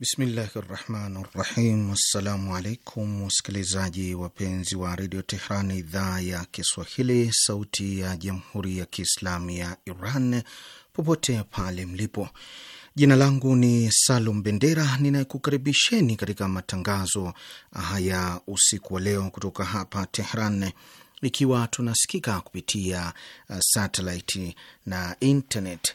Bismillahi rahmani rahim. Assalamu alaikum wasikilizaji wapenzi wa redio Tehran, idhaa ya Kiswahili, sauti ya jamhuri ya kiislamu ya Iran, popote pale mlipo. Jina langu ni Salum Bendera, ninayekukaribisheni katika matangazo haya usiku wa leo kutoka hapa Tehran, ikiwa tunasikika kupitia uh, satelaiti na internet.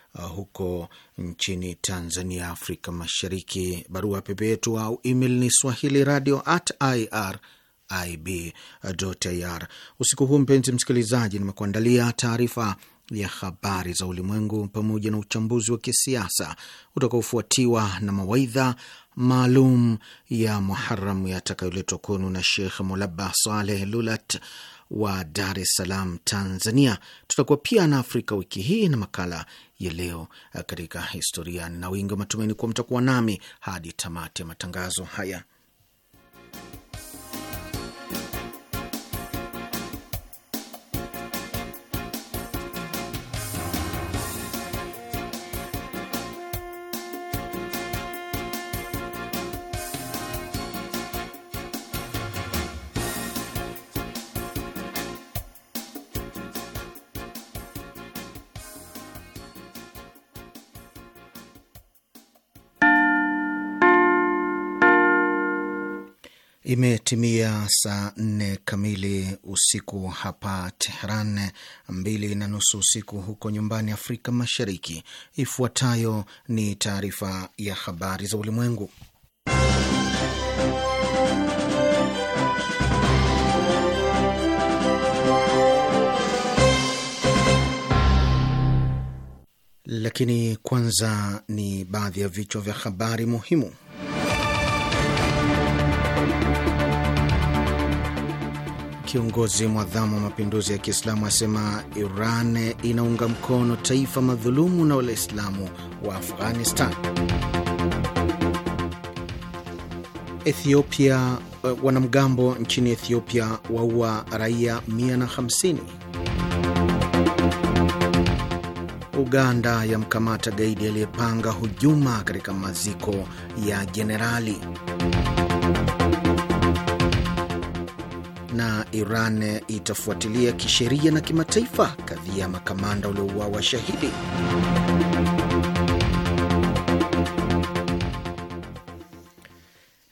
Uh, huko nchini Tanzania, Afrika Mashariki. Barua pepe yetu au email ni swahili radio at ir IB.ir. Usiku huu mpenzi msikilizaji, nimekuandalia taarifa ya habari za ulimwengu pamoja na uchambuzi wa kisiasa utakaofuatiwa na mawaidha maalum ya muharamu yatakayoletwa kwenu na Shekh Mulaba Saleh Lulat wa Dar es Salaam, Tanzania. Tutakuwa pia na Afrika wiki hii na makala ya leo eh, katika historia, na wingi wa matumaini kuwa mtakuwa nami hadi tamati ya matangazo haya. Imetimia saa nne kamili usiku hapa Tehran, mbili na nusu usiku huko nyumbani Afrika Mashariki. Ifuatayo ni taarifa ya habari za ulimwengu, lakini kwanza ni baadhi ya vichwa vya habari muhimu. Kiongozi mwadhamu wa mapinduzi ya Kiislamu asema Iran inaunga mkono taifa madhulumu na Waislamu wa Afghanistan. Ethiopia, eh, wanamgambo nchini Ethiopia waua raia 150. Uganda yamkamata gaidi aliyepanga hujuma katika maziko ya jenerali Iran itafuatilia kisheria na kimataifa kadhia makamanda waliouawa shahidi.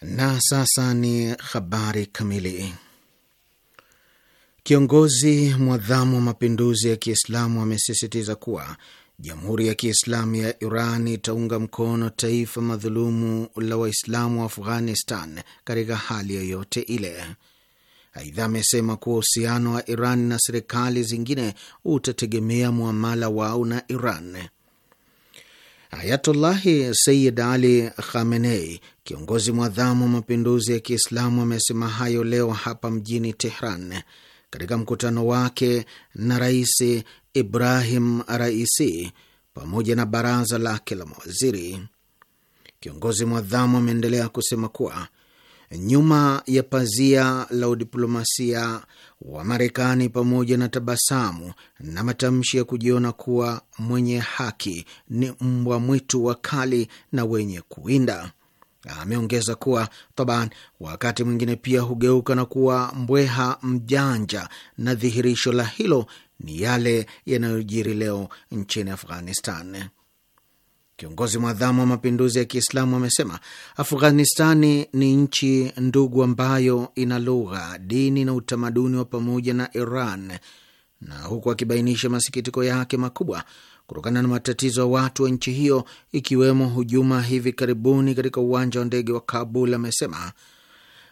Na sasa ni habari kamili. Kiongozi mwadhamu wa mapinduzi ya Kiislamu amesisitiza kuwa Jamhuri ya Kiislamu ya Iran itaunga mkono taifa madhulumu la Waislamu wa Afghanistan katika hali yoyote ile. Aidha, amesema kuwa uhusiano wa Iran na serikali zingine utategemea mwamala wao na Iran. Ayatullahi Sayid Ali Khamenei, kiongozi mwadhamu wa mapinduzi ya Kiislamu, amesema hayo leo hapa mjini Tehran katika mkutano wake na Rais Ibrahim Raisi pamoja na baraza lake la mawaziri. Kiongozi mwadhamu ameendelea kusema kuwa nyuma ya pazia la udiplomasia wa Marekani pamoja na tabasamu na matamshi ya kujiona kuwa mwenye haki ni mbwa mwitu wakali na wenye kuwinda. Ameongeza kuwa taban, wakati mwingine pia hugeuka na kuwa mbweha mjanja, na dhihirisho la hilo ni yale yanayojiri leo nchini Afghanistan. Kiongozi mwadhamu wa mapinduzi ya Kiislamu amesema Afghanistani ni nchi ndugu ambayo ina lugha, dini na utamaduni wa pamoja na Iran, na huku akibainisha masikitiko yake makubwa kutokana na matatizo ya watu wa nchi hiyo ikiwemo hujuma hivi karibuni katika uwanja wa ndege wa Kabul, amesema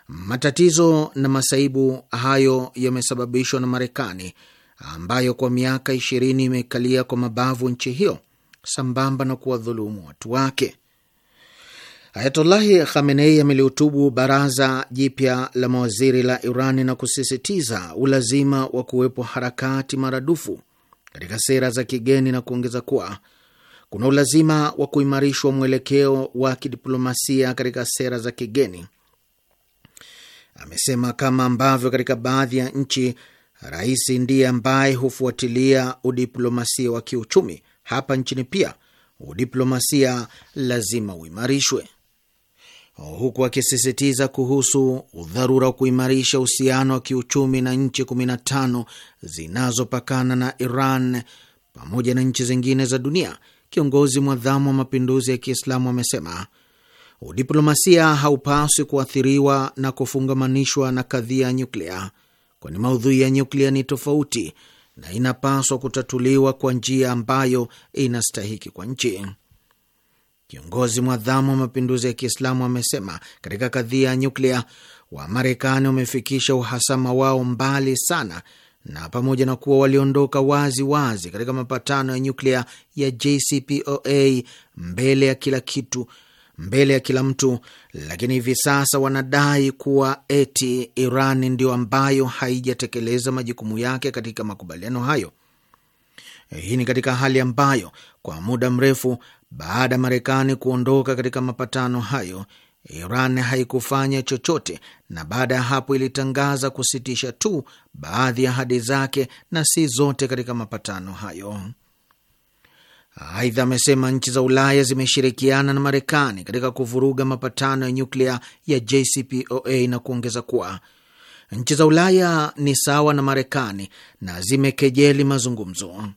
matatizo na masaibu hayo yamesababishwa na Marekani ambayo kwa miaka ishirini imekalia kwa mabavu nchi hiyo sambamba na kuwadhulumu watu wake. Ayatollahi Khamenei amelihutubu baraza jipya la mawaziri la Irani na kusisitiza ulazima wa kuwepo harakati maradufu katika sera za kigeni na kuongeza kuwa kuna ulazima wa kuimarishwa mwelekeo wa kidiplomasia katika sera za kigeni. Amesema kama ambavyo katika baadhi ya nchi rais ndiye ambaye hufuatilia udiplomasia wa kiuchumi, hapa nchini pia udiplomasia lazima uimarishwe, huku akisisitiza kuhusu udharura wa kuimarisha uhusiano wa kiuchumi na nchi 15 zinazopakana na Iran pamoja na nchi zingine za dunia. Kiongozi mwadhamu wa mapinduzi ya Kiislamu amesema udiplomasia haupaswi kuathiriwa na kufungamanishwa na kadhia ya nyuklia, kwani maudhui ya nyuklia ni tofauti na inapaswa kutatuliwa kwa njia ambayo inastahiki kwa nchi. Kiongozi mwadhamu wa mapinduzi ya Kiislamu amesema katika kadhia ya nyuklia, Wamarekani wamefikisha uhasama wao mbali sana, na pamoja na kuwa waliondoka wazi wazi katika mapatano ya nyuklia ya JCPOA mbele ya kila kitu mbele ya kila mtu, lakini hivi sasa wanadai kuwa eti Iran ndio ambayo haijatekeleza majukumu yake katika makubaliano hayo. Hii ni katika hali ambayo kwa muda mrefu baada ya Marekani kuondoka katika mapatano hayo, Iran haikufanya chochote, na baada ya hapo ilitangaza kusitisha tu baadhi ya ahadi zake na si zote katika mapatano hayo. Aidha, amesema nchi za Ulaya zimeshirikiana na Marekani katika kuvuruga mapatano ya nyuklia ya JCPOA na kuongeza kuwa nchi za Ulaya ni sawa na Marekani na zimekejeli mazungumzo.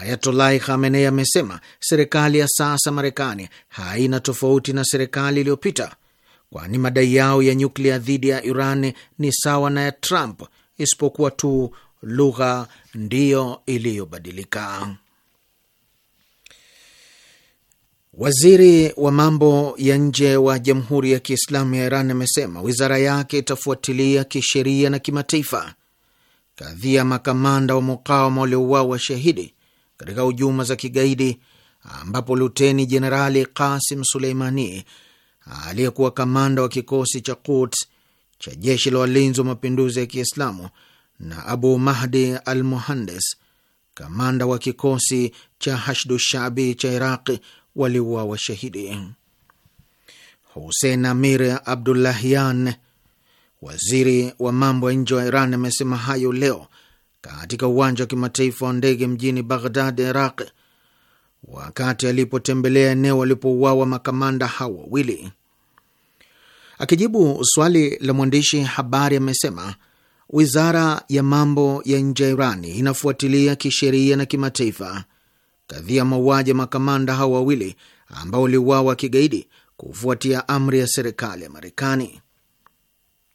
Ayatollah Khamenei amesema serikali ya sasa Marekani haina tofauti na serikali iliyopita, kwani madai yao ya nyuklia dhidi ya Iran ni sawa na ya Trump, isipokuwa tu lugha ndiyo iliyobadilika. Waziri wa mambo ya nje wa Jamhuri ya Kiislamu ya Iran amesema wizara yake itafuatilia kisheria na kimataifa kadhia makamanda wa mukawama waliouawa shahidi katika hujuma za kigaidi ambapo Luteni Jenerali Kasim Suleimani aliyekuwa kamanda wa kikosi cha Quds cha jeshi la walinzi wa mapinduzi ya Kiislamu na Abu Mahdi al Muhandes, kamanda wa kikosi cha Hashdu Shabi cha Iraqi waliuawa washahidi. Husein Amir Abdullahyan, waziri wa mambo ya nje wa Iran, amesema hayo leo katika uwanja wa kimataifa wa ndege mjini Baghdad, Iraq, wakati alipotembelea eneo walipouawa makamanda hao wawili. Akijibu swali la mwandishi habari, amesema wizara ya mambo ya nje ya Irani inafuatilia kisheria na kimataifa kadhia mauaji ya makamanda hao wawili ambao waliuawa kigaidi kufuatia amri ya serikali ya Marekani.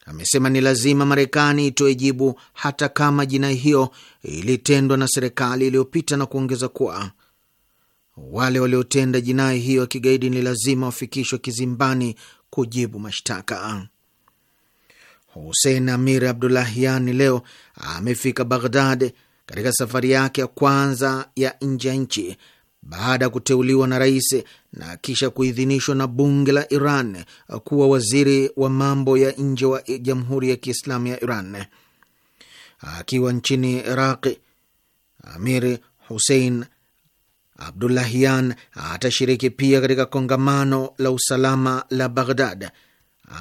Amesema ni lazima Marekani itoe jibu hata kama jinai hiyo ilitendwa na serikali iliyopita, na kuongeza kuwa wale waliotenda jinai hiyo ya kigaidi ni lazima wafikishwe kizimbani kujibu mashtaka. Husein Amir Abdulahiani leo amefika Baghdad katika safari yake ya kwanza ya nje ya nchi baada ya kuteuliwa na rais na kisha kuidhinishwa na bunge la Iran kuwa waziri wa mambo ya nje wa Jamhuri ya Kiislamu ya Iran. Akiwa nchini Iraqi, Amir Hussein Abdullahian atashiriki pia katika kongamano la usalama la Baghdad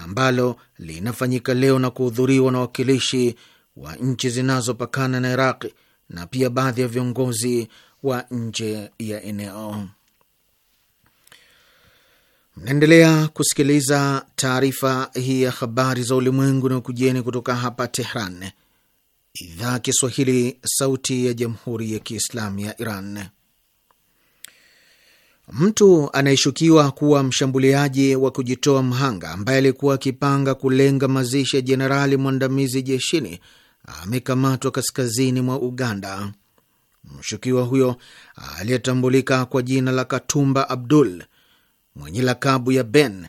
ambalo linafanyika leo na kuhudhuriwa na wakilishi wa nchi zinazopakana na Iraqi na pia baadhi ya viongozi wa nje ya eneo. Mnaendelea kusikiliza taarifa hii ya habari za ulimwengu na ukujeni kutoka hapa Tehran, idhaa Kiswahili, sauti ya jamhuri ya kiislamu ya Iran. Mtu anayeshukiwa kuwa mshambuliaji wa kujitoa mhanga ambaye alikuwa akipanga kulenga mazishi ya jenerali mwandamizi jeshini amekamatwa kaskazini mwa Uganda. Mshukiwa huyo aliyetambulika kwa jina la Katumba Abdul mwenye lakabu ya Ben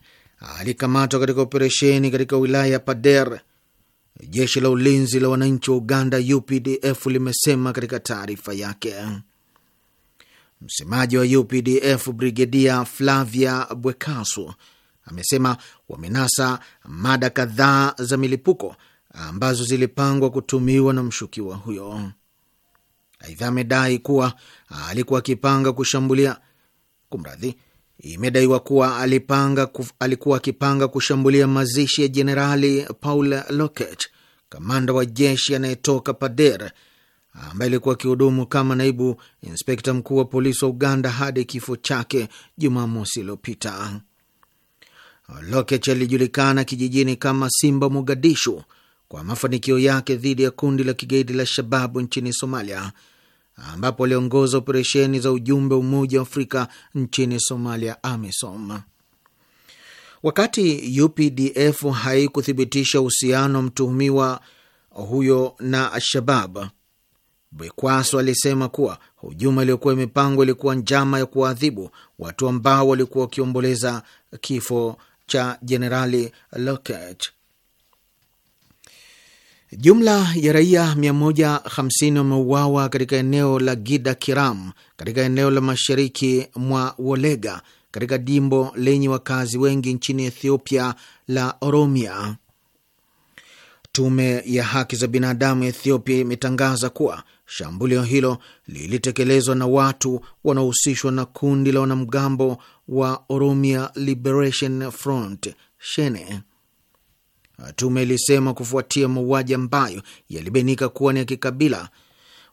alikamatwa katika operesheni katika wilaya ya Pader, jeshi la ulinzi la wananchi wa Uganda UPDF limesema katika taarifa yake. Msemaji wa UPDF Brigedia Flavia Bwekasu amesema wamenasa mada kadhaa za milipuko ambazo zilipangwa kutumiwa na mshukiwa huyo. Aidha, amedai kuwa alikuwa akipanga kushambulia kumradhi, imedaiwa kuwa alipanga kuf, alikuwa akipanga kushambulia mazishi ya Jenerali Paul Lockett, kamanda wa jeshi anayetoka Pader ambaye alikuwa akihudumu kama naibu inspekta mkuu wa polisi wa Uganda hadi kifo chake Jumamosi iliyopita. Lokech alijulikana kijijini kama Simba Mogadishu kwa mafanikio yake dhidi ya kundi la kigaidi la Shababu nchini Somalia, ambapo aliongoza operesheni za ujumbe wa Umoja wa Afrika nchini Somalia, AMISOM. Wakati UPDF haikuthibitisha uhusiano wa mtuhumiwa huyo na Alshabab, Bekwaso alisema kuwa hujuma iliyokuwa imepangwa ilikuwa njama ya kuwaadhibu watu ambao walikuwa wakiomboleza kifo cha Jenerali Lokech. Jumla ya raia 150 wameuawa katika eneo la Gida Kiram katika eneo la mashariki mwa Wolega katika jimbo lenye wakazi wengi nchini Ethiopia la Oromia. Tume ya haki za binadamu ya Ethiopia imetangaza kuwa shambulio hilo lilitekelezwa na watu wanaohusishwa na kundi la wanamgambo wa Oromia Liberation Front Shene tume ilisema kufuatia mauaji ambayo yalibainika kuwa ni ya kikabila,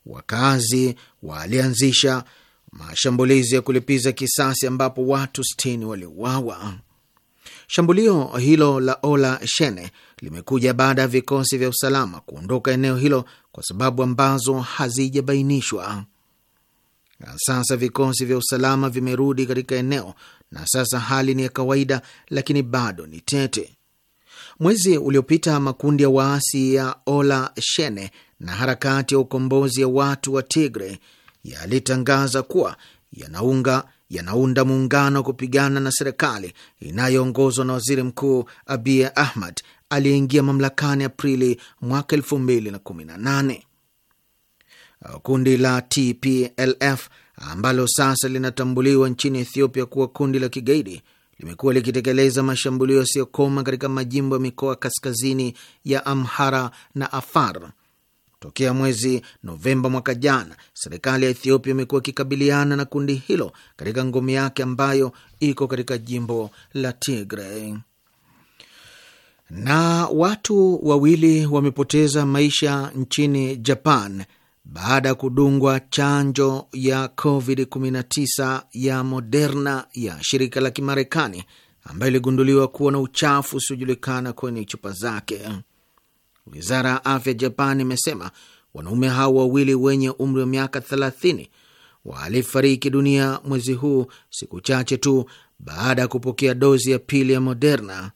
wakazi walianzisha mashambulizi ya kulipiza kisasi ambapo watu sitini waliuawa. Shambulio hilo la Ola Shene limekuja baada ya vikosi vya usalama kuondoka eneo hilo kwa sababu ambazo hazijabainishwa. Sasa vikosi vya usalama vimerudi katika eneo na sasa hali ni ya kawaida, lakini bado ni tete. Mwezi uliopita makundi ya waasi ya Ola Shene na harakati ya ukombozi ya watu wa Tigre yalitangaza kuwa yanaunga yanaunda muungano wa kupigana na serikali inayoongozwa na waziri mkuu Abiy Ahmed aliyeingia mamlakani Aprili mwaka 2018. Kundi la TPLF ambalo sasa linatambuliwa nchini Ethiopia kuwa kundi la kigaidi limekuwa likitekeleza mashambulio yasiyokoma katika majimbo ya mikoa kaskazini ya Amhara na Afar. Tokea mwezi Novemba mwaka jana, serikali ya Ethiopia imekuwa ikikabiliana na kundi hilo katika ngome yake ambayo iko katika jimbo la Tigray. Na watu wawili wamepoteza maisha nchini Japan baada ya kudungwa chanjo ya COVID-19 ya Moderna ya shirika la Kimarekani ambayo iligunduliwa kuwa na uchafu usiojulikana kwenye chupa zake. Wizara ya afya Japan imesema wanaume hao wawili wenye umri wa miaka 30 walifariki dunia mwezi huu, siku chache tu baada ya kupokea dozi ya pili ya Moderna.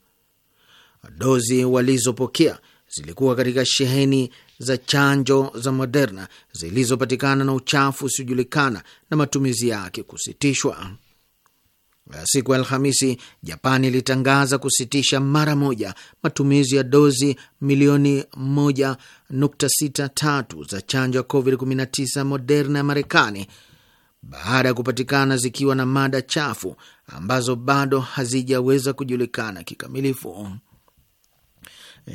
Dozi walizopokea zilikuwa katika sheheni za chanjo za Moderna zilizopatikana na uchafu usiojulikana na matumizi yake kusitishwa. Siku ya Alhamisi, Japani ilitangaza kusitisha mara moja matumizi ya dozi milioni 1.63 za chanjo ya COVID-19 Moderna ya Marekani baada ya kupatikana zikiwa na mada chafu ambazo bado hazijaweza kujulikana kikamilifu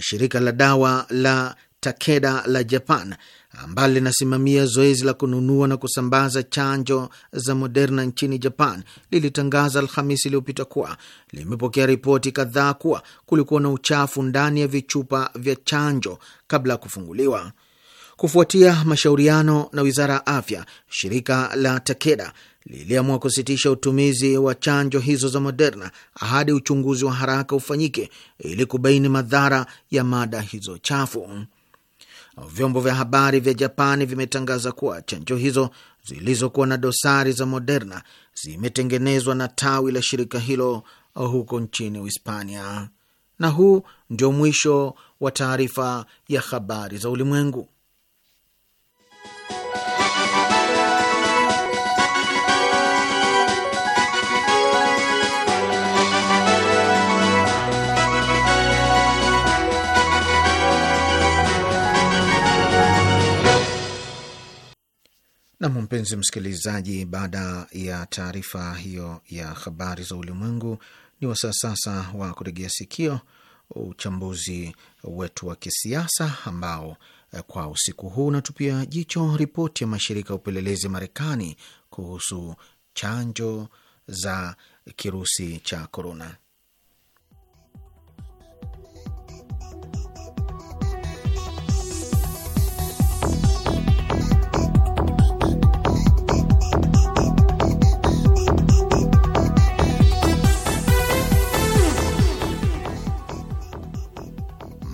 shirika la dawa la Takeda la Japan ambalo linasimamia zoezi la kununua na kusambaza chanjo za Moderna nchini Japan lilitangaza Alhamisi iliyopita kuwa limepokea ripoti kadhaa kuwa kulikuwa na uchafu ndani ya vichupa vya chanjo kabla ya kufunguliwa. Kufuatia mashauriano na wizara ya afya, shirika la Takeda liliamua kusitisha utumizi wa chanjo hizo za Moderna hadi uchunguzi wa haraka ufanyike ili kubaini madhara ya mada hizo chafu. Vyombo vya habari vya Japani vimetangaza kuwa chanjo hizo zilizokuwa na dosari za Moderna zimetengenezwa na tawi la shirika hilo huko nchini Uhispania. Na huu ndio mwisho wa taarifa ya habari za ulimwengu. Nam, mpenzi msikilizaji, baada ya taarifa hiyo ya habari za ulimwengu, ni wasaa sasa wa kuregea sikio uchambuzi wetu wa kisiasa ambao eh, kwa usiku huu unatupia jicho ripoti ya mashirika ya upelelezi Marekani kuhusu chanjo za kirusi cha korona.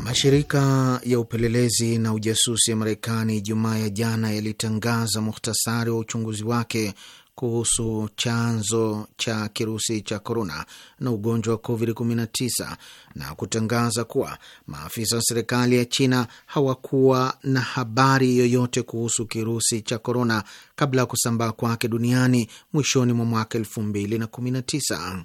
Mashirika ya upelelezi na ujasusi ya Marekani Jumaa ya jana yalitangaza muhtasari wa uchunguzi wake kuhusu chanzo cha kirusi cha korona na ugonjwa wa COVID-19 na kutangaza kuwa maafisa wa serikali ya China hawakuwa na habari yoyote kuhusu kirusi cha korona kabla ya kusambaa kwake duniani mwishoni mwa mwaka 2019.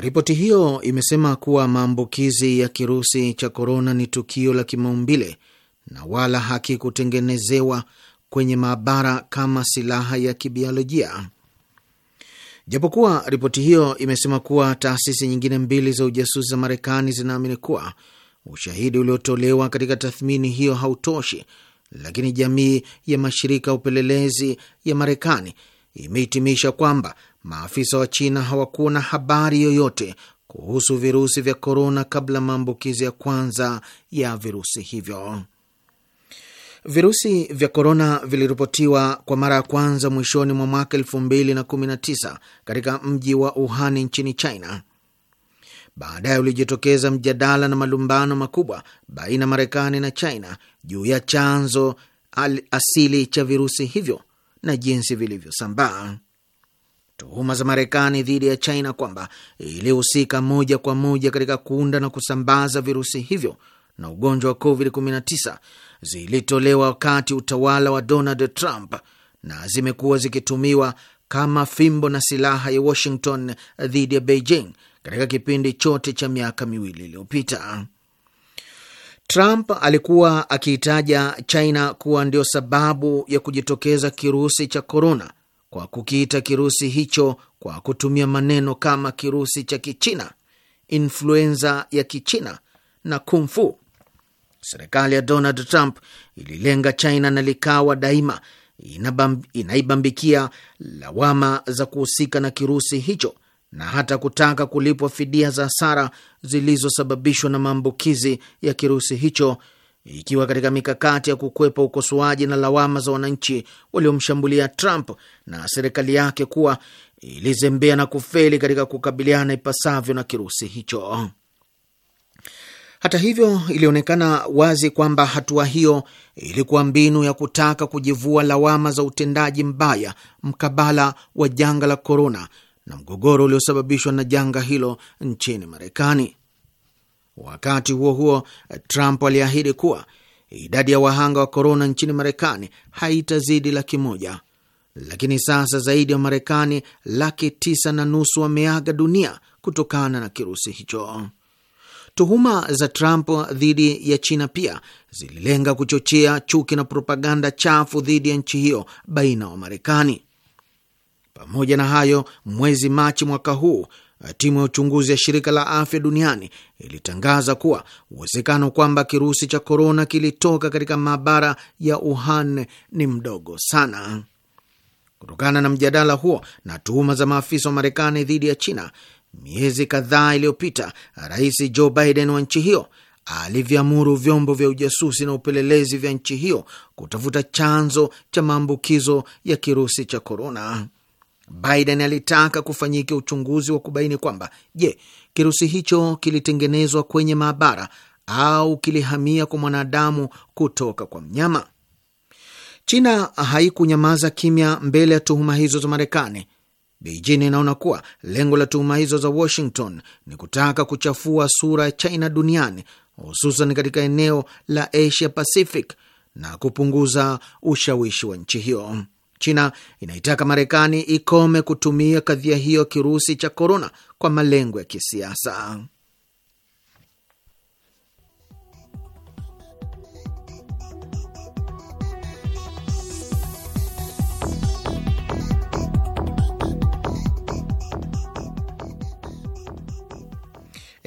Ripoti hiyo imesema kuwa maambukizi ya kirusi cha korona ni tukio la kimaumbile na wala hakikutengenezewa kwenye maabara kama silaha ya kibiolojia. Japokuwa ripoti hiyo imesema kuwa taasisi nyingine mbili za ujasusi za Marekani zinaamini kuwa ushahidi uliotolewa katika tathmini hiyo hautoshi, lakini jamii ya mashirika ya upelelezi ya Marekani imehitimisha kwamba maafisa wa China hawakuwa na habari yoyote kuhusu virusi vya korona kabla maambukizi ya kwanza ya virusi hivyo. Virusi vya korona viliripotiwa kwa mara ya kwanza mwishoni mwa mwaka 219 katika mji wa Wuhan nchini China. Baadaye ulijitokeza mjadala na malumbano makubwa baina ya Marekani na China juu ya chanzo asili cha virusi hivyo na jinsi vilivyosambaa tuhuma za Marekani dhidi ya China kwamba ilihusika moja kwa moja katika kuunda na kusambaza virusi hivyo na ugonjwa wa COVID-19 zilitolewa wakati utawala wa Donald Trump na zimekuwa zikitumiwa kama fimbo na silaha ya Washington dhidi ya Beijing katika kipindi chote cha miaka miwili iliyopita. Trump alikuwa akiitaja China kuwa ndio sababu ya kujitokeza kirusi cha korona kwa kukiita kirusi hicho kwa kutumia maneno kama kirusi cha Kichina, influenza ya Kichina na kung Serikali ya Donald Trump ililenga China na likawa daima inaibambikia lawama za kuhusika na kirusi hicho na hata kutaka kulipwa fidia za hasara zilizosababishwa na maambukizi ya kirusi hicho ikiwa katika mikakati ya kukwepa ukosoaji na lawama za wananchi waliomshambulia Trump na serikali yake kuwa ilizembea na kufeli katika kukabiliana ipasavyo na kirusi hicho. Hata hivyo, ilionekana wazi kwamba hatua hiyo ilikuwa mbinu ya kutaka kujivua lawama za utendaji mbaya mkabala wa janga la korona na mgogoro uliosababishwa na janga hilo nchini Marekani. Wakati huo huo, Trump aliahidi kuwa idadi ya wahanga wa korona nchini Marekani haitazidi laki moja, lakini sasa zaidi ya Marekani laki tisa na nusu wameaga dunia kutokana na kirusi hicho. Tuhuma za Trump dhidi ya China pia zililenga kuchochea chuki na propaganda chafu dhidi ya nchi hiyo baina wa Marekani. Pamoja na hayo, mwezi Machi mwaka huu Uh, timu ya uchunguzi ya shirika la afya duniani ilitangaza kuwa uwezekano kwamba kirusi cha korona kilitoka katika maabara ya Wuhan ni mdogo sana. Kutokana na mjadala huo na tuhuma za maafisa wa Marekani dhidi ya China, miezi kadhaa iliyopita, Rais Joe Biden wa nchi hiyo alivyamuru vyombo vya ujasusi na upelelezi vya nchi hiyo kutafuta chanzo cha maambukizo ya kirusi cha korona. Biden alitaka kufanyika uchunguzi wa kubaini kwamba je, kirusi hicho kilitengenezwa kwenye maabara au kilihamia kwa mwanadamu kutoka kwa mnyama. China haikunyamaza kimya mbele ya tuhuma hizo za Marekani. Beijing inaona kuwa lengo la tuhuma hizo za Washington ni kutaka kuchafua sura ya China duniani, hususan katika eneo la Asia Pacific na kupunguza ushawishi wa nchi hiyo. China inaitaka Marekani ikome kutumia kadhia hiyo kirusi cha korona kwa malengo ya kisiasa.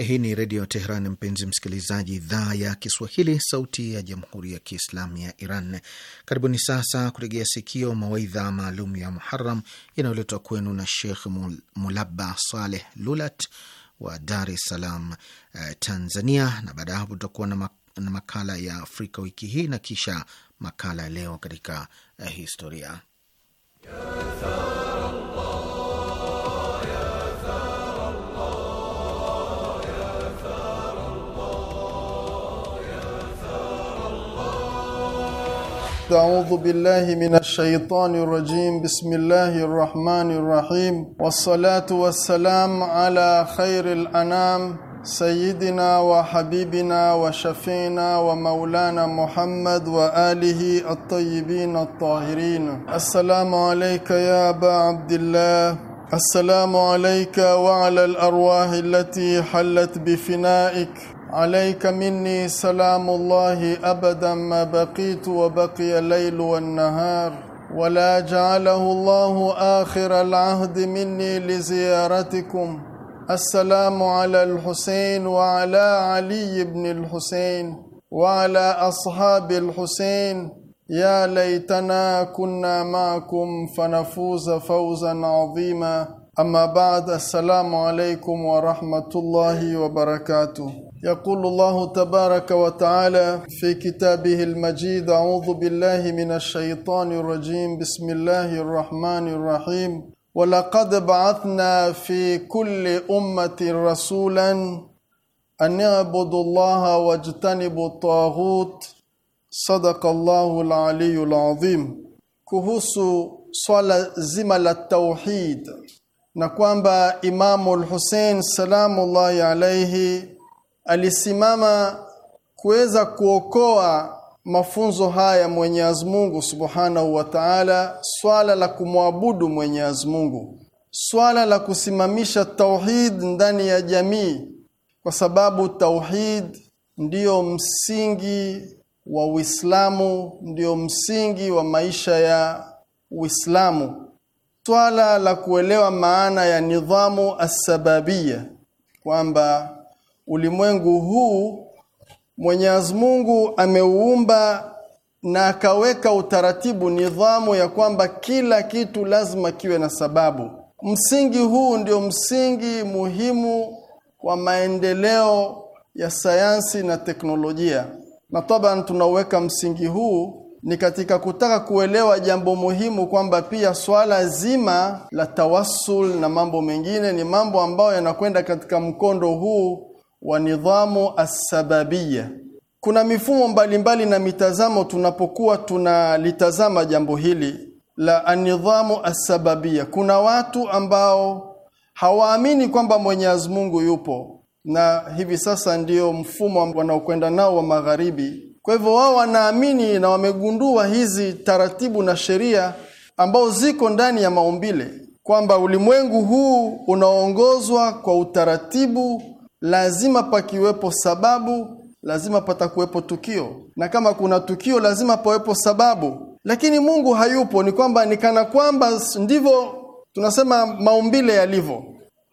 Hii ni Redio Teheran, mpenzi msikilizaji, idhaa ya Kiswahili, sauti ya jamhuri ya kiislamu ya Iran. Karibuni sasa kutegea sikio mawaidha maalum ya Muharam yanayoletwa kwenu na Shekh Mulaba Saleh Lulat wa Dar es Salaam, eh, Tanzania, na baada ya hapo tutakuwa na makala ya Afrika wiki hii na kisha makala ya leo katika eh, historia ya أعوذ بالله من الشيطان الرجيم بسم الله الرحمن الرحيم والصلاة والسلام على خير الأنام سيدنا وحبيبنا وشفينا ومولانا محمد وآله الطيبين الطاهرين السلام عليك يا أبا عبد الله السلام عليك وعلى الأرواح التي حلت بفنائك عليك مني سلام الله أبدا ما بقيت وبقي الليل والنهار ولا جعله الله آخر العهد مني لزيارتكم السلام على الحسين وعلى علي بن الحسين وعلى أصحاب الحسين يا ليتنا كنا معكم فنفوز فوزا عظيما أما بعد السلام عليكم ورحمة الله وبركاته يقول الله تبارك وتعالى في كتابه المجيد أعوذ بالله من الشيطان الرجيم بسم الله الرحمن الرحيم ولقد بعثنا في كل أمة رسولا أن يعبدوا الله واجتنبوا الطاغوت صدق الله العلي العظيم كهوس swala zima التوحيد نقوم بامام الحسين سلام الله عليه alisimama kuweza kuokoa mafunzo haya Mwenyezi Mungu Subhanahu wa Ta'ala, swala la kumwabudu Mwenyezi Mungu, swala la kusimamisha tauhid ndani ya jamii, kwa sababu tauhid ndiyo msingi wa Uislamu, ndiyo msingi wa maisha ya Uislamu. Swala la kuelewa maana ya nidhamu asbabia kwamba ulimwengu huu Mwenyezi Mungu ameuumba na akaweka utaratibu nidhamu ya kwamba kila kitu lazima kiwe na sababu. Msingi huu ndio msingi muhimu wa maendeleo ya sayansi na teknolojia, na taban tunauweka msingi huu ni katika kutaka kuelewa jambo muhimu kwamba pia swala zima la tawasul na mambo mengine ni mambo ambayo yanakwenda katika mkondo huu wa nidhamu assababiyya. Kuna mifumo mbalimbali mbali na mitazamo tunapokuwa tunalitazama jambo hili la anidhamu assababiyya. Kuna watu ambao hawaamini kwamba Mwenyezi Mungu yupo na hivi sasa ndiyo mfumo wanaokwenda nao wa magharibi. Kwa hivyo wao wanaamini na wamegundua hizi taratibu na sheria ambao ziko ndani ya maumbile kwamba ulimwengu huu unaongozwa kwa utaratibu lazima pakiwepo sababu, lazima patakuwepo tukio, na kama kuna tukio lazima pawepo sababu. Lakini Mungu hayupo, ni kwamba ni kana kwamba ndivyo tunasema maumbile yalivyo.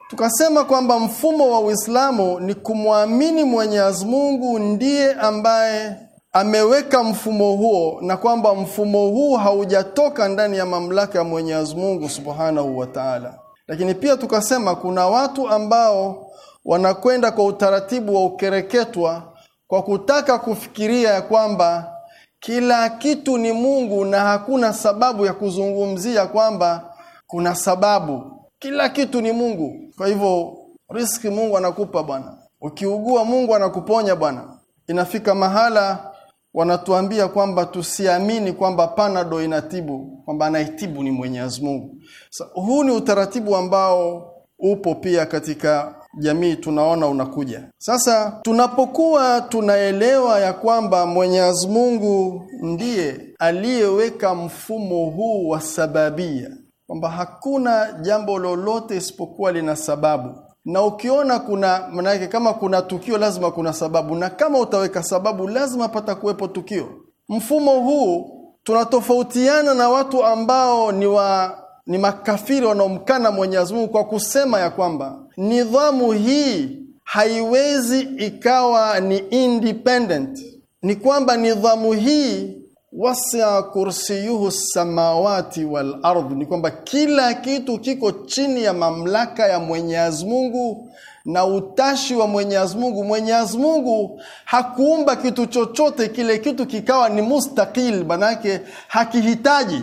Tukasema kwamba mfumo wa Uislamu ni kumwamini Mwenyezi Mungu ndiye ambaye ameweka mfumo huo na kwamba mfumo huu haujatoka ndani ya mamlaka ya Mwenyezi Mungu Subhanahu wa Ta'ala. Lakini pia tukasema kuna watu ambao wanakwenda kwa utaratibu wa ukereketwa kwa kutaka kufikiria ya kwamba kila kitu ni Mungu na hakuna sababu ya kuzungumzia kwamba kuna sababu. Kila kitu ni Mungu. Kwa hivyo riski Mungu anakupa bwana. Ukiugua Mungu anakuponya bwana. Inafika mahala wanatuambia kwamba tusiamini kwamba panado inatibu, kwamba anaitibu ni Mwenyezi Mungu. So, huu ni utaratibu ambao upo pia katika jamii tunaona unakuja. Sasa tunapokuwa tunaelewa ya kwamba Mwenyezi Mungu ndiye aliyeweka mfumo huu wa sababia, kwamba hakuna jambo lolote isipokuwa lina sababu, na ukiona kuna manake, kama kuna tukio lazima kuna sababu, na kama utaweka sababu lazima pata kuwepo tukio. Mfumo huu tunatofautiana na watu ambao ni wa ni makafiri wanaomkana Mwenyezi Mungu kwa kusema ya kwamba nidhamu hii haiwezi ikawa ni independent, ni kwamba nidhamu hii wasia kursiyuhu samawati wal ardhi, ni kwamba kila kitu kiko chini ya mamlaka ya Mwenyezi Mungu na utashi wa Mwenyezi Mungu. Mwenyezi Mungu hakuumba kitu chochote kile kitu kikawa ni mustakil, manake hakihitaji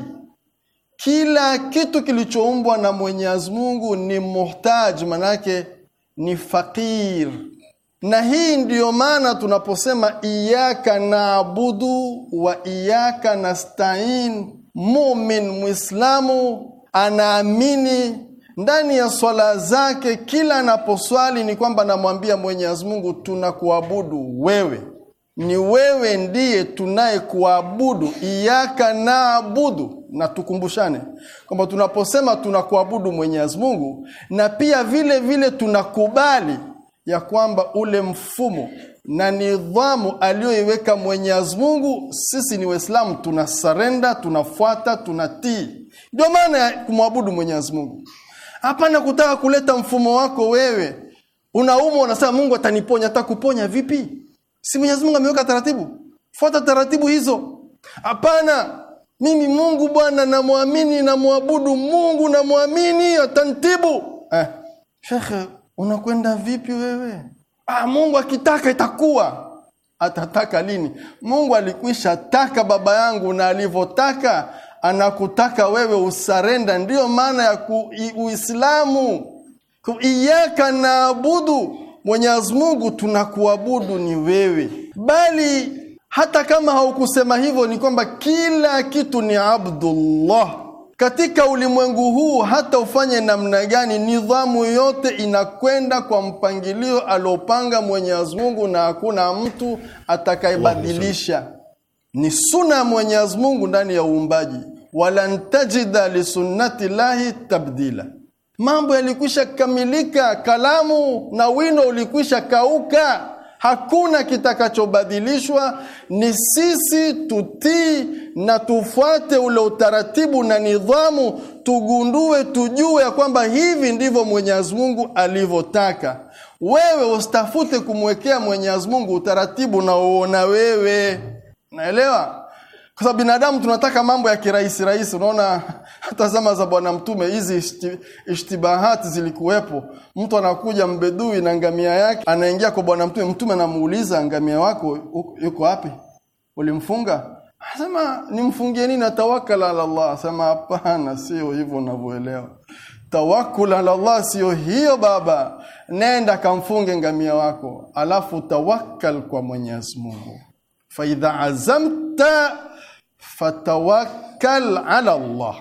kila kitu kilichoumbwa na Mwenyezi Mungu ni muhtaj, manake ni fakir. Na hii ndiyo maana tunaposema iyaka naabudu wa iyaka nastain, mumin mwislamu anaamini ndani ya swala zake, kila anaposwali ni kwamba anamwambia Mwenyezi Mungu, tunakuabudu wewe ni wewe ndiye tunaye kuabudu iyaka naabudu na tukumbushane kwamba tunaposema tunakuabudu mwenyezi mungu na pia vile vile tunakubali ya kwamba ule mfumo na nidhamu aliyoiweka mwenyezi mungu sisi ni waislamu tuna sarenda tunafuata tunatii ndio maana ya kumwabudu mwenyezi mungu hapana kutaka kuleta mfumo wako wewe unaumwa unasema mungu ataniponya atakuponya vipi Si Mwenyezi Mungu ameweka taratibu? Fuata taratibu hizo. Hapana, mimi Mungu bwana namwamini, namwabudu Mungu, namwamini atantibu. Eh, shekhe, unakwenda vipi wewe? Ah, Mungu akitaka itakuwa atataka lini? Mungu alikwisha taka baba yangu, na alivyotaka anakutaka wewe usarenda. Ndiyo maana ya Uislamu, iyaka naabudu Mwenyezi Mungu tunakuabudu ni wewe, bali hata kama haukusema hivyo, ni kwamba kila kitu ni abdullah katika ulimwengu huu. Hata ufanye namna gani, nidhamu yote inakwenda kwa mpangilio aliopanga Mwenyezi Mungu, na hakuna mtu atakayebadilisha. Ni suna ya Mwenyezi Mungu ndani ya uumbaji, walan tajida lisunnati llahi tabdila mambo yalikwisha kamilika, kalamu na wino ulikwisha kauka, hakuna kitakachobadilishwa. Ni sisi tutii na tufuate ule utaratibu na nidhamu, tugundue, tujue ya kwamba hivi ndivyo Mwenyezi Mungu alivyotaka. Wewe usitafute kumwekea Mwenyezi Mungu utaratibu na uona wewe, naelewa kwa sababu binadamu tunataka mambo ya kirahisi rahisi. Unaona hata zama za Bwana Mtume hizi ishtibahati zilikuwepo. Mtu anakuja mbedui na ngamia yake, anaingia kwa Bwana Mtume. Mtume anamuuliza ngamia wako yuko wapi? Ulimfunga? asema nimfungie nini? Tawakala ala Allah. Anasema hapana, sio hivyo unavyoelewa. Tawakul ala Allah sio hiyo baba. Nenda kamfunge ngamia wako, alafu tawakkal kwa Mwenyezi Mungu. azamta fatawakkal ala Allah.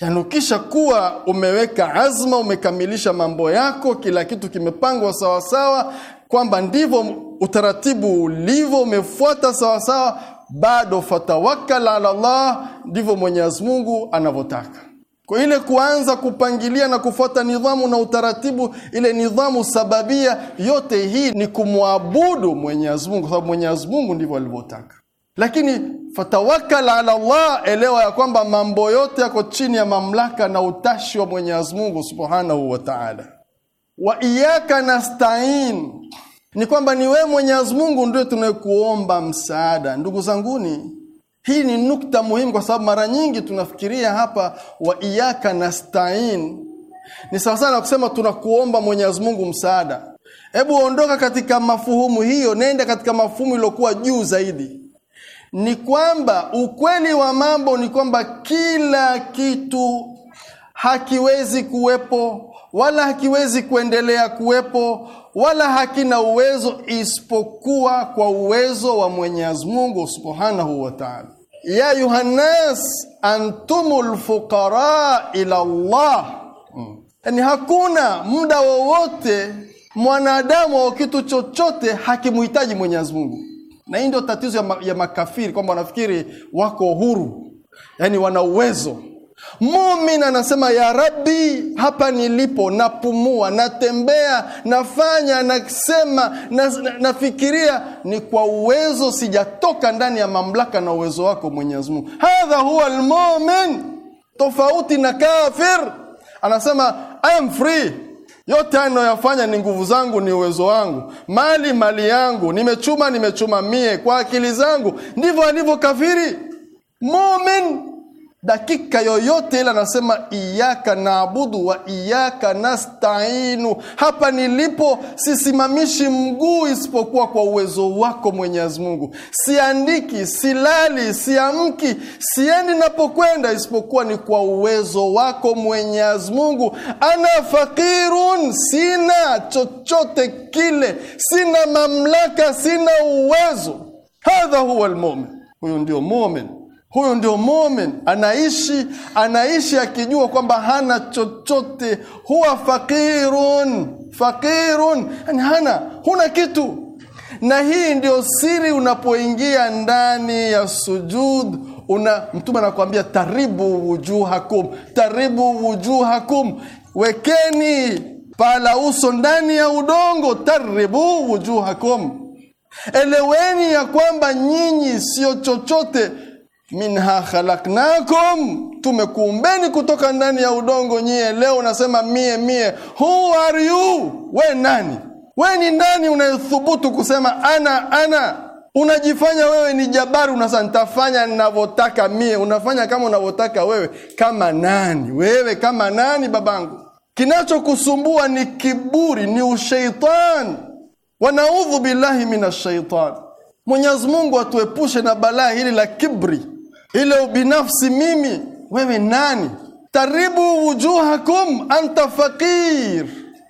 Yani ukisha kuwa umeweka azma, umekamilisha mambo yako, kila kitu kimepangwa sawasawa, kwamba ndivyo utaratibu ulivyo, umefuata sawasawa, bado fatawakkal ala Allah, ndivyo Mwenyezi Mungu anavyotaka. Kwa ile kuanza kupangilia na kufuata nidhamu na utaratibu, ile nidhamu sababia, yote hii ni kumwabudu Mwenyezi Mungu, kwa sababu Mwenyezi Mungu ndivyo alivyotaka lakini fatawakal ala Allah, elewa ya kwamba mambo yote yako chini ya mamlaka na utashi wa Mwenyezi Mungu Subhanahu wa Ta'ala. Wa iyyaka nasta'in, ni kwamba ni wewe Mwenyezi Mungu ndiye tunayekuomba msaada. Ndugu zanguni, hii ni nukta muhimu, kwa sababu mara nyingi tunafikiria hapa wa iyyaka nasta'in ni sawa sana kusema tunakuomba Mwenyezi Mungu msaada. Hebu ondoka katika mafuhumu hiyo, nenda katika mafuhumu iliyokuwa juu zaidi ni kwamba ukweli wa mambo ni kwamba kila kitu hakiwezi kuwepo wala hakiwezi kuendelea kuwepo wala hakina uwezo isipokuwa kwa uwezo wa Mwenyezi Mungu Subhanahu wa Ta'ala. Ya ayuhannas antumul fuqara ila Allah. Hmm. hakuna muda wowote mwanadamu au kitu chochote hakimuhitaji Mwenyezi Mungu na hii ndio tatizo ya, ma, ya makafiri kwamba wanafikiri wako huru, yani wana uwezo. Mumin anasema ya Rabbi, hapa nilipo napumua, natembea, nafanya, nasema, nafikiria, ni kwa uwezo, sijatoka ndani ya mamlaka na uwezo wako Mwenyezi Mungu. Hadha huwa almumin, tofauti na kafir. Anasema I am free yote haya ninayoyafanya ni nguvu zangu, ni uwezo wangu, mali mali yangu, nimechuma nimechuma mie kwa akili zangu. Ndivyo alivyo kafiri mumin dakika yoyote ile anasema iyaka naabudu wa iyaka nastainu hapa nilipo sisimamishi mguu isipokuwa kwa uwezo wako mwenyezi mungu siandiki silali siamki siendi napokwenda isipokuwa ni kwa uwezo wako mwenyezi mungu ana fakirun sina chochote kile sina mamlaka sina uwezo hadha huwa lmumin huyu ndio mumin huyu ndio mumin, anaishi anaishi akijua kwamba hana chochote. Huwa fakirun fakirun, yani hana huna kitu. Na hii ndio siri, unapoingia ndani ya sujud una Mtume anakuambia taribu wujuhakum, taribu wujuhakum, wekeni pala uso ndani ya udongo, taribu wujuhakum, eleweni ya kwamba nyinyi sio chochote minha khalaknakum, tumekuumbeni kutoka ndani ya udongo nyie. Leo unasema mie mie, who are you? We nani? We ni nani unayethubutu kusema ana ana? Unajifanya wewe ni jabari, unasema ntafanya navyotaka mie. Unafanya kama unavyotaka wewe, kama nani wewe? Kama nani babangu? Kinachokusumbua ni kiburi, ni usheitani. Wanaudhu billahi min ashaitan Mwenyezi Mungu atuepushe na balaa hili la kibri ile ubinafsi mimi wewe nani taribu wujuhakum anta faqir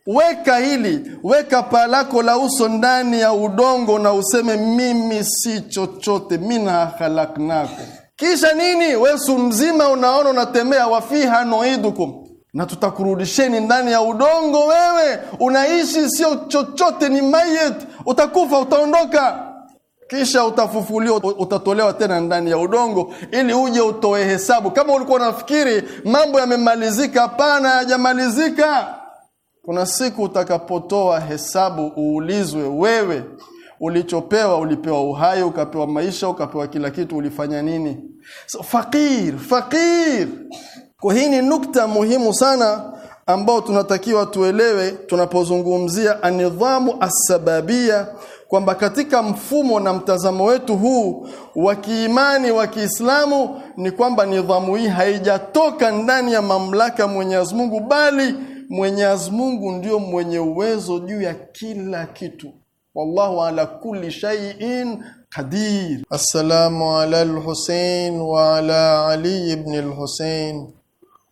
weka hili weka paa lako la uso ndani ya udongo na useme mimi si chochote mina khalaknakum kisha nini wesu mzima unaona unatembea wafiha noidukum na tutakurudisheni ndani ya udongo wewe unaishi sio chochote ni mayet utakufa utaondoka kisha utafufuliwa, utatolewa tena ndani ya udongo, ili uje utoe hesabu. Kama ulikuwa unafikiri mambo yamemalizika, hapana, hayajamalizika. Kuna siku utakapotoa hesabu, uulizwe wewe ulichopewa ulipewa uhai ukapewa maisha ukapewa kila kitu ulifanya nini so, fakir fakir kwa hii ni nukta muhimu sana ambao tunatakiwa tuelewe tunapozungumzia anidhamu assababia kwamba katika mfumo na mtazamo wetu huu wa kiimani wa Kiislamu ni kwamba nidhamu hii haijatoka ndani ya mamlaka Mwenyezi Mungu, bali Mwenyezi Mungu ndio mwenye uwezo juu ya kila kitu. Wallahu ala kulli shay'in qadir. Assalamu ala al-Husayn wa ala Ali ibn al-Husayn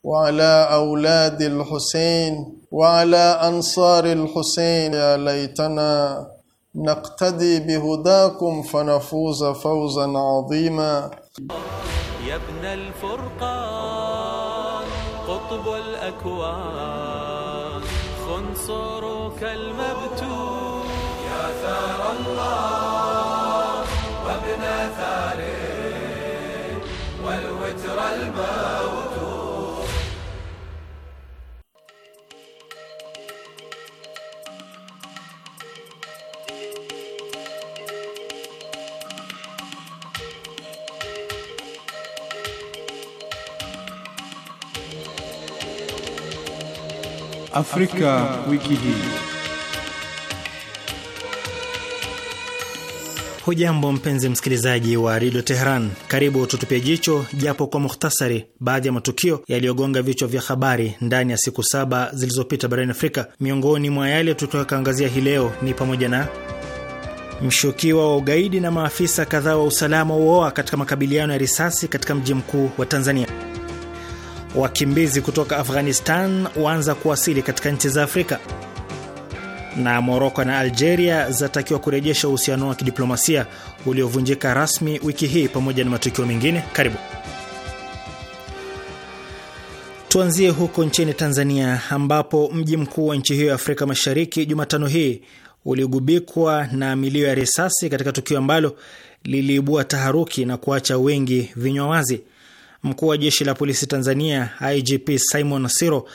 wa ala auladi al-Husayn wa ala ansari al-Husayn. Ya laitana نقتدي بهداكم فنفوز فوزا عظيما يا ابن الفرقان قطب الأكوان Afrika, wiki hii. Hujambo mpenzi msikilizaji wa redio Teheran, karibu tutupie jicho japo kwa muhtasari baadhi ya matukio yaliyogonga vichwa vya habari ndani ya siku saba zilizopita barani Afrika. Miongoni mwa yale tutakaangazia hii leo ni pamoja na mshukiwa wa ugaidi na maafisa kadhaa wa usalama uoa katika makabiliano ya risasi katika mji mkuu wa Tanzania wakimbizi kutoka Afghanistan waanza kuwasili katika nchi za Afrika, na Moroko na Algeria zatakiwa kurejesha uhusiano wa kidiplomasia uliovunjika rasmi wiki hii, pamoja na matukio mengine. Karibu tuanzie huko nchini Tanzania, ambapo mji mkuu wa nchi hiyo ya Afrika Mashariki Jumatano hii uligubikwa na milio ya risasi katika tukio ambalo liliibua taharuki na kuacha wengi vinywa wazi. Mkuu wa jeshi la polisi Tanzania IGP Simon Siro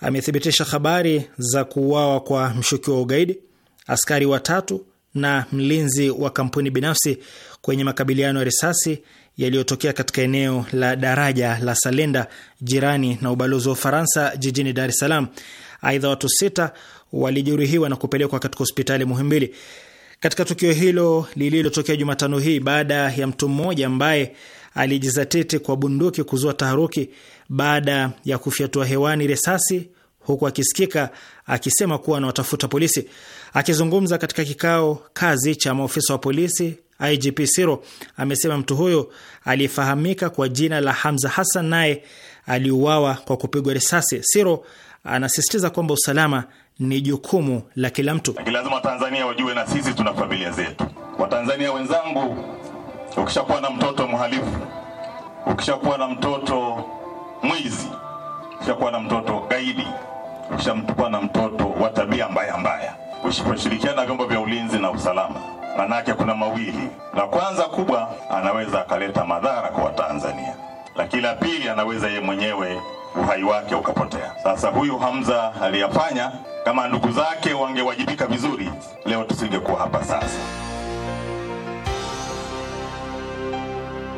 amethibitisha habari za kuuawa kwa mshukiwa wa ugaidi, askari watatu na mlinzi wa kampuni binafsi kwenye makabiliano ya risasi yaliyotokea katika eneo la daraja la Salenda jirani na ubalozi wa Ufaransa jijini Dar es Salaam. Aidha, watu sita walijeruhiwa na kupelekwa katika hospitali Muhimbili katika tukio hilo lililotokea Jumatano hii baada ya mtu mmoja ambaye alijizatiti kwa bunduki kuzua taharuki baada ya kufyatua hewani risasi huku akisikika akisema kuwa anawatafuta polisi. Akizungumza katika kikao kazi cha maofisa wa polisi, IGP Siro amesema mtu huyo aliyefahamika kwa jina la Hamza Hassan naye aliuawa kwa kupigwa risasi. Siro anasisitiza kwamba usalama ni jukumu la kila mtu. Lazima Watanzania wajue na sisi tuna familia zetu. Watanzania wenzangu Ukishakuwa na mtoto mhalifu, ukishakuwa na mtoto mwizi, ukishakuwa na mtoto gaidi, ukishakuwa na mtoto wa tabia mbaya mbaya, usiposhirikiana na vyombo vya ulinzi na usalama, manake kuna mawili. La kwanza kubwa, anaweza akaleta madhara kwa Watanzania, lakini la pili, anaweza yeye mwenyewe uhai wake ukapotea. Sasa huyu Hamza aliyafanya, kama ndugu zake wangewajibika vizuri, leo tusingekuwa hapa sasa.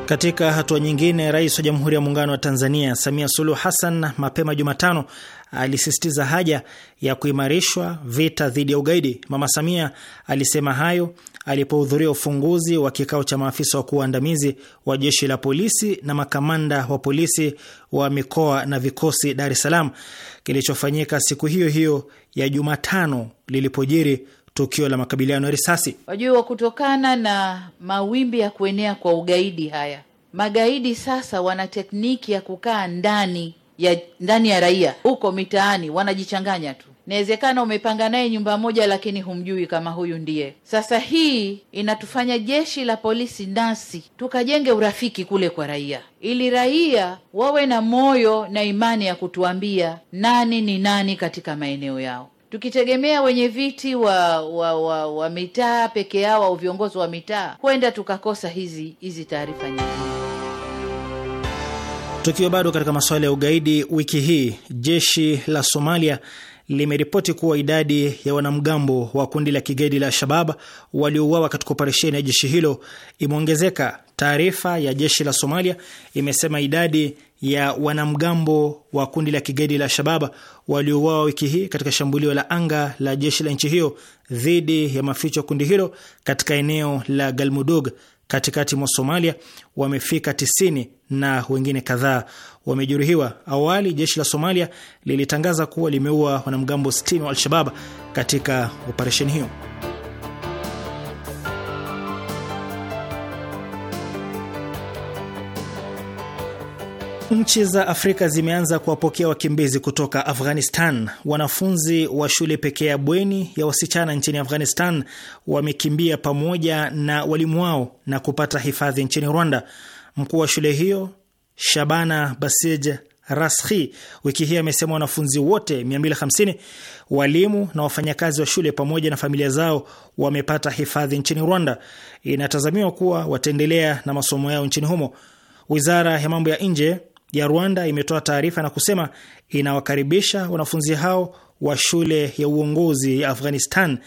Katika hatua nyingine, rais wa Jamhuri ya Muungano wa Tanzania Samia Suluhu Hassan mapema Jumatano alisisitiza haja ya kuimarishwa vita dhidi ya ugaidi. Mama Samia alisema hayo alipohudhuria ufunguzi wa kikao cha maafisa wakuu waandamizi wa jeshi la polisi na makamanda wa polisi wa mikoa na vikosi Dar es Salaam kilichofanyika siku hiyo hiyo ya Jumatano lilipojiri tukio la makabiliano ya risasi. Wajua, kutokana na mawimbi ya kuenea kwa ugaidi, haya magaidi sasa wana tekniki ya kukaa ndani ya ndani ya raia huko mitaani, wanajichanganya tu. Inawezekana umepanga naye nyumba moja, lakini humjui kama huyu ndiye. Sasa hii inatufanya jeshi la polisi nasi tukajenge urafiki kule kwa raia, ili raia wawe na moyo na imani ya kutuambia nani ni nani katika maeneo yao. Tukitegemea wenye viti wa wa, wa, wa mitaa peke yao au viongozi wa mitaa, huenda tukakosa hizi hizi taarifa nyingi. Tukiwa bado katika masuala ya ugaidi, wiki hii jeshi la Somalia limeripoti kuwa idadi ya wanamgambo wa kundi la kigaidi la Al-Shabab waliouawa katika operesheni ya jeshi hilo imeongezeka. Taarifa ya jeshi la Somalia imesema idadi ya wanamgambo wa kundi la kigaidi la Al-Shabab waliouawa wiki hii katika shambulio la anga la jeshi la nchi hiyo dhidi ya maficho ya kundi hilo katika eneo la Galmudug katikati mwa Somalia wamefika 90 na wengine kadhaa wamejeruhiwa. Awali jeshi la Somalia lilitangaza kuwa limeua wanamgambo 60 wa Al-Shabab katika operesheni hiyo. Nchi za Afrika zimeanza kuwapokea wakimbizi kutoka Afghanistan. Wanafunzi wa shule pekee ya bweni ya wasichana nchini Afghanistan wamekimbia pamoja na walimu wao na kupata hifadhi nchini Rwanda. Mkuu wa shule hiyo Shabana Basij Rashi wiki hii amesema wanafunzi wote 250 walimu na wafanyakazi wa shule pamoja na familia zao wamepata hifadhi nchini Rwanda. Inatazamiwa kuwa wataendelea na masomo yao nchini humo. Wizara ya mambo ya nje ya Rwanda imetoa taarifa na kusema inawakaribisha wanafunzi hao wa shule ya uongozi ya Afghanistan.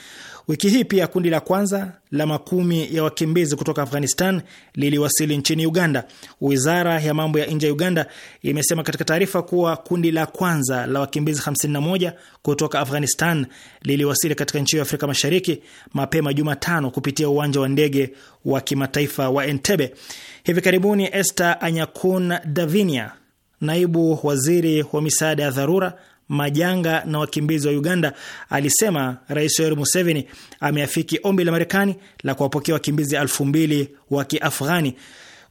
Wiki hii pia kundi la kwanza la makumi ya wakimbizi kutoka Afghanistan liliwasili nchini Uganda. Wizara ya mambo ya nje ya Uganda imesema katika taarifa kuwa kundi la kwanza la wakimbizi 51 kutoka Afghanistan liliwasili katika nchi hiyo ya Afrika Mashariki mapema Jumatano kupitia uwanja wa ndege wa kimataifa wa Entebbe. Hivi karibuni Esther Anyakun Davinia, naibu waziri wa misaada ya dharura, majanga na wakimbizi wa Uganda, alisema Rais Yoweri Museveni ameafiki ombi la Marekani la kuwapokea wakimbizi elfu mbili wa Kiafghani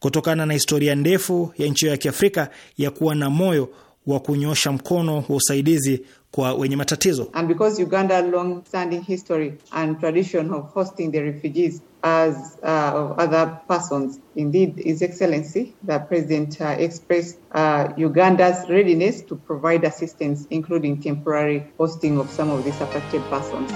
kutokana na historia ndefu ya nchi hiyo ya Kiafrika ya kuwa na moyo wa kunyosha mkono wa usaidizi kwa wenye matatizo. And because Uganda long standing history and tradition of hosting the refugees as uh, of other persons. Indeed, His Excellency, the President, uh, expressed uh, Uganda's readiness to provide assistance, including temporary hosting of some of these affected persons.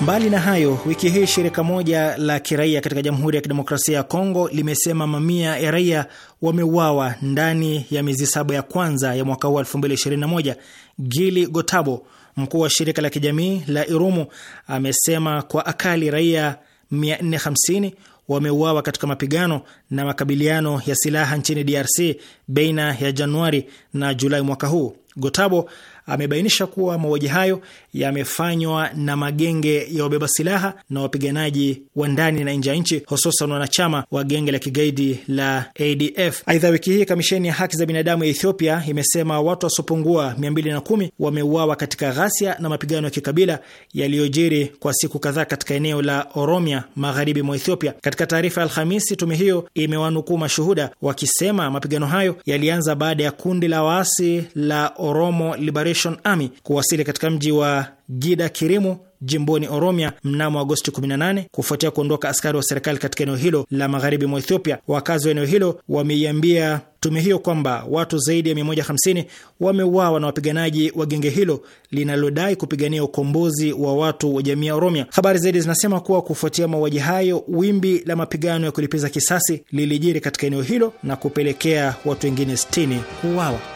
Mbali na hayo, wiki hii shirika moja la kiraia katika Jamhuri ya Kidemokrasia ya Kongo limesema mamia ya raia wameuawa ndani ya miezi saba ya kwanza ya mwaka huu 2021. Gili Gotabo Mkuu wa shirika la kijamii la Irumu amesema kwa akali raia 450 wameuawa katika mapigano na makabiliano ya silaha nchini DRC baina ya Januari na Julai mwaka huu. Gotabo amebainisha kuwa mauaji hayo yamefanywa na magenge ya wabeba silaha na wapiganaji wa ndani na nje ya nchi, hususan wanachama wa genge la kigaidi la ADF. Aidha, wiki hii kamisheni ya haki za binadamu ya Ethiopia imesema watu wasiopungua 210 wameuawa katika ghasia na mapigano ya kikabila yaliyojiri kwa siku kadhaa katika eneo la Oromia magharibi mwa Ethiopia. Katika taarifa ya Alhamisi, tume hiyo imewanukuu mashuhuda wakisema mapigano hayo yalianza baada ya kundi la waasi la Oromo Liberation Liberation Army kuwasili katika mji wa Gida Kirimu jimboni Oromia mnamo Agosti 18 kufuatia kuondoka askari wa serikali katika eneo hilo la magharibi mwa Ethiopia. Wakazi wa eneo hilo wameiambia tume hiyo kwamba watu zaidi ya 150 wameuawa na wapiganaji wa genge hilo linalodai kupigania ukombozi wa watu wa jamii ya Oromia. Habari zaidi zinasema kuwa kufuatia mauaji hayo, wimbi la mapigano ya kulipiza kisasi lilijiri katika eneo hilo na kupelekea watu wengine 60 kuuawa.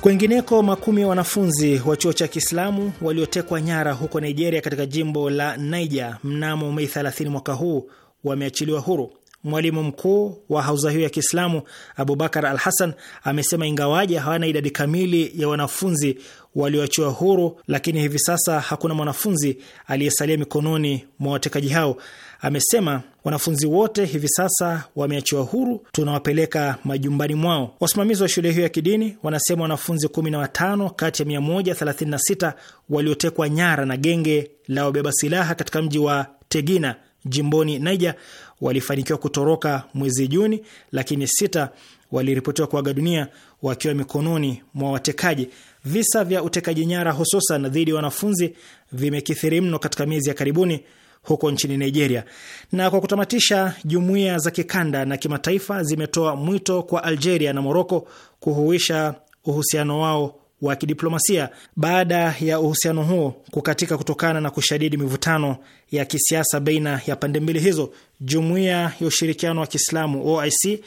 Kwengineko, makumi ya wanafunzi wa chuo cha Kiislamu waliotekwa nyara huko Nigeria katika jimbo la Niger mnamo Mei 30 mwaka huu wameachiliwa huru. Mwalimu mkuu wa hauza hiyo ya Kiislamu Abubakar Al Hassan amesema ingawaje hawana idadi kamili ya wanafunzi walioachiwa huru, lakini hivi sasa hakuna mwanafunzi aliyesalia mikononi mwa watekaji hao. Amesema Wanafunzi wote hivi sasa wameachiwa huru, tunawapeleka majumbani mwao. Wasimamizi wa shule hiyo ya kidini wanasema wanafunzi 15 kati ya 136 waliotekwa nyara na genge la wabeba silaha katika mji wa Tegina jimboni Niger walifanikiwa kutoroka mwezi Juni, lakini sita waliripotiwa kuaga dunia wakiwa mikononi mwa watekaji. Visa vya utekaji nyara, hususan dhidi ya wanafunzi, vimekithiri mno katika miezi ya karibuni huko nchini Nigeria. Na kwa kutamatisha, jumuiya za kikanda na kimataifa zimetoa mwito kwa Algeria na Moroko kuhuisha uhusiano wao wa kidiplomasia baada ya uhusiano huo kukatika kutokana na kushadidi mivutano ya kisiasa baina ya pande mbili hizo. Jumuiya ya ushirikiano wa Kiislamu OIC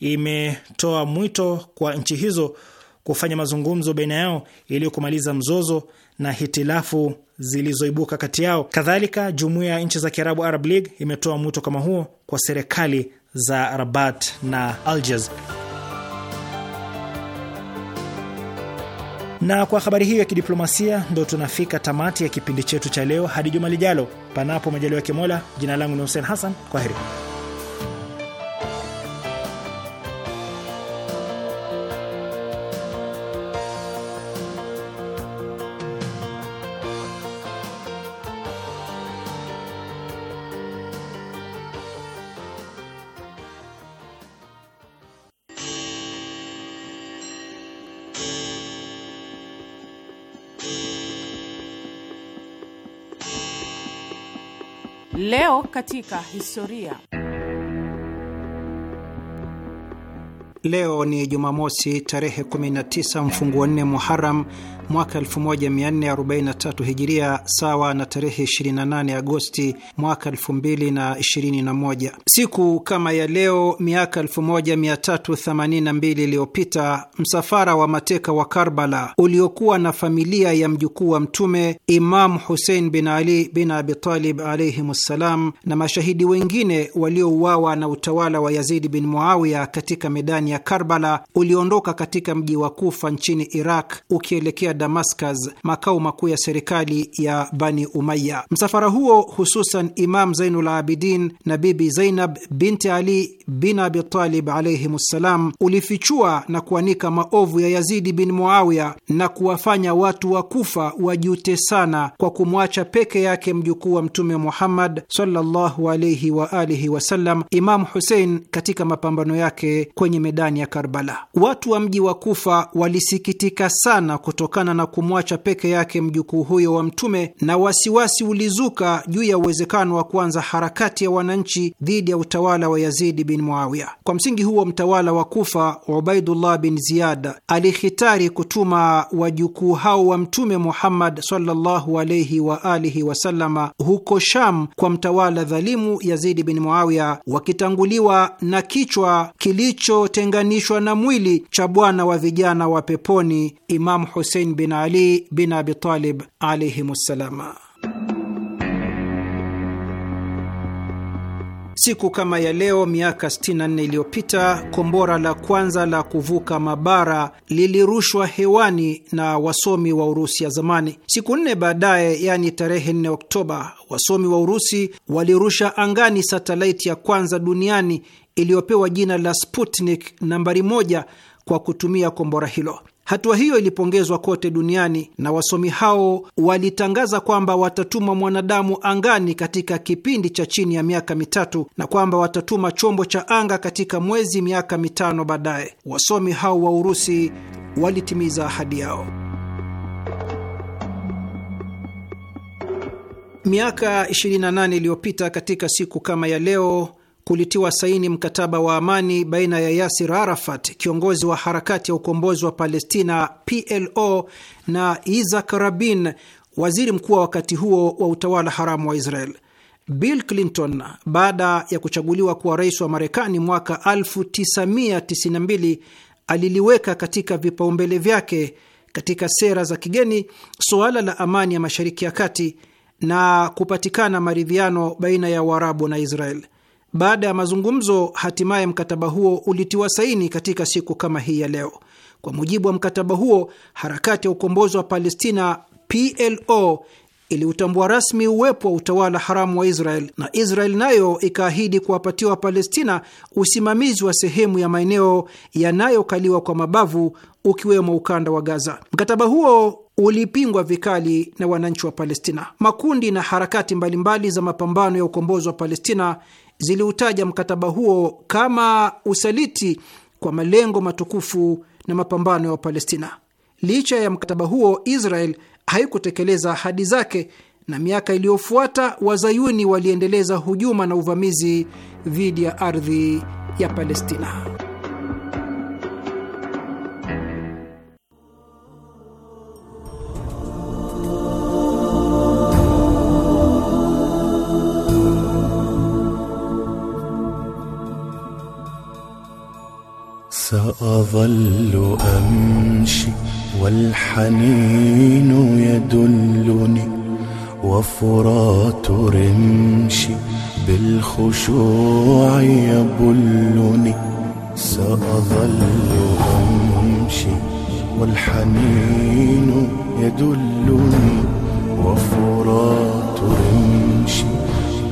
imetoa mwito kwa nchi hizo kufanya mazungumzo baina yao ili kumaliza mzozo na hitilafu zilizoibuka kati yao. Kadhalika, jumuiya ya nchi za Kiarabu, Arab League, imetoa mwito kama huo kwa serikali za Rabat na Algiers. Na kwa habari hiyo ya kidiplomasia, ndo tunafika tamati ya kipindi chetu cha leo. Hadi juma lijalo, panapo majaliwa ya Jina langu ni Hussein Hassan, kwa heri. Leo katika historia. Leo ni Jumamosi tarehe 19 mfunguo nne Muharam mwaka 1443 hijiria sawa na tarehe 28 Agosti mwaka 2021. Siku kama ya leo miaka 1382 iliyopita msafara wa mateka wa Karbala uliokuwa na familia ya mjukuu wa Mtume Imam Husein bin Ali bin Abitalib alaihim ssalam na mashahidi wengine waliouawa na utawala wa Yazidi bin Muawiya katika medani ya Karbala uliondoka katika mji wa Kufa nchini Iraq ukielekea Damascus, makao makuu ya serikali ya Bani Umaya. Msafara huo hususan Imam Zainul Abidin na Bibi Zainab binti Ali bin abitalib alayhim alaihim ssalam, ulifichua na kuanika maovu ya Yazidi bin Muawiya na kuwafanya watu wa Kufa wajute sana kwa kumwacha peke yake mjukuu wa Mtume Muhammad sallallahu alaihi wa alihi wasallam, Imamu Husein katika mapambano yake kwenye medani ya Karbala. Watu wa mji wa Kufa walisikitika sana kutokana sana na kumwacha peke yake mjukuu huyo wa Mtume, na wasiwasi ulizuka juu ya uwezekano wa kuanza harakati ya wananchi dhidi ya utawala wa Yazidi bin Muawiya. Kwa msingi huo, mtawala wa Kufa Ubaidullah bin Ziyad alihitari kutuma wajukuu hao wa Mtume Muhammad sallallahu alayhi wa alihi wasallama huko Sham kwa mtawala dhalimu Yazidi bin Muawiya, wakitanguliwa na kichwa kilichotenganishwa na mwili cha bwana wa vijana wa peponi Imam Husein bin Ali bin Abi Talib alaihim ssalama. Siku kama ya leo miaka 64 iliyopita kombora la kwanza la kuvuka mabara lilirushwa hewani na wasomi wa Urusi ya zamani. Siku nne baadaye, yaani tarehe 4 Oktoba, wasomi wa Urusi walirusha angani satelaiti ya kwanza duniani iliyopewa jina la Sputnik nambari moja kwa kutumia kombora hilo. Hatua hiyo ilipongezwa kote duniani na wasomi hao walitangaza kwamba watatuma mwanadamu angani katika kipindi cha chini ya miaka mitatu na kwamba watatuma chombo cha anga katika mwezi miaka mitano baadaye. Wasomi hao wa Urusi walitimiza ahadi yao. Miaka 28 iliyopita katika siku kama ya leo kulitiwa saini mkataba wa amani baina ya Yasir Arafat, kiongozi wa harakati ya ukombozi wa Palestina PLO, na Isak Rabin, waziri mkuu wa wakati huo wa utawala haramu wa Israel. Bill Clinton, baada ya kuchaguliwa kuwa rais wa Marekani mwaka 1992, aliliweka katika vipaumbele vyake katika sera za kigeni suala la amani ya Mashariki ya Kati na kupatikana maridhiano baina ya uarabu na Israel. Baada ya mazungumzo, hatimaye mkataba huo ulitiwa saini katika siku kama hii ya leo. Kwa mujibu wa mkataba huo, harakati ya ukombozi wa Palestina PLO iliutambua rasmi uwepo wa utawala haramu wa Israel na Israel nayo ikaahidi kuwapatia Wapalestina usimamizi wa sehemu ya maeneo yanayokaliwa kwa mabavu ukiwemo ukanda wa Gaza. Mkataba huo ulipingwa vikali na wananchi wa Palestina. Makundi na harakati mbalimbali za mapambano ya ukombozi wa Palestina ziliutaja mkataba huo kama usaliti kwa malengo matukufu na mapambano ya Wapalestina. Licha ya mkataba huo, Israel haikutekeleza ahadi zake, na miaka iliyofuata wazayuni waliendeleza hujuma na uvamizi dhidi ya ardhi ya Palestina. سأظل أمشي والحنين يدلني وفرات رمشي بالخشوع يبلني سأظل أمشي والحنين يدلني وفرات رمشي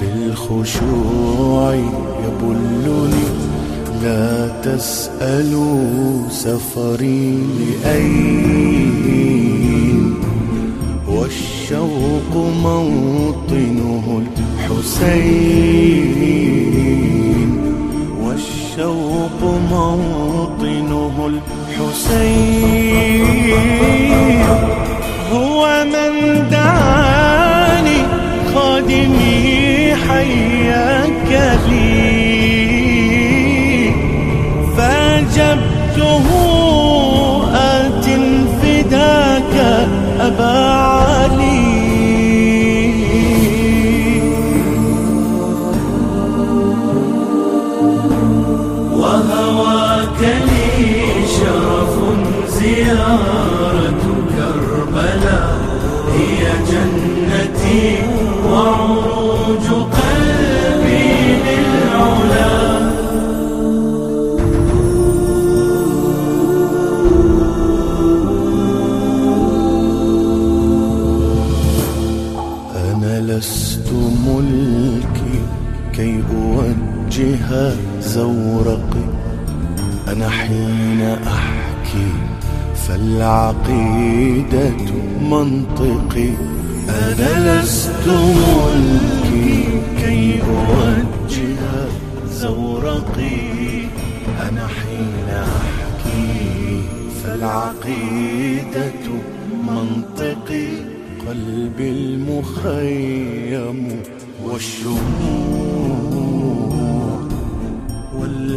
بالخشوع يبلني لا تسألوا سفري لأين والشوق موطنه الحسين والشوق موطنه الحسين هو من دعاني خادمي حياك لي أبا وهواك لي شرف زيارة كربلاء هي جنتي وعمري منها زورقي أنا حين أحكي فالعقيدة منطقي أنا لست ملكي كي أوجه زورقي أنا حين أحكي فالعقيدة منطقي قلبي المخيم والشموس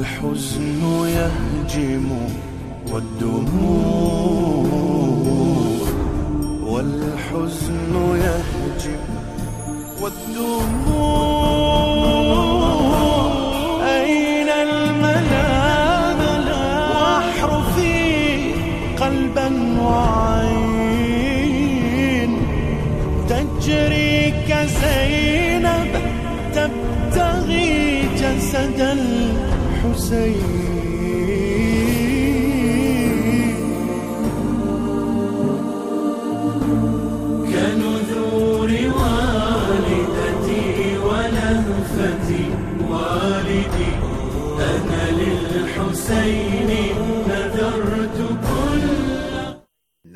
الحزن يهجم والدموع والحزن يهجم والدموع na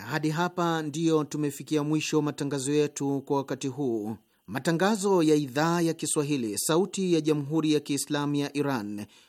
hadi hapa ndiyo tumefikia mwisho matangazo yetu kwa wakati huu. Matangazo ya idhaa ya Kiswahili, sauti ya jamhuri ya kiislamu ya Iran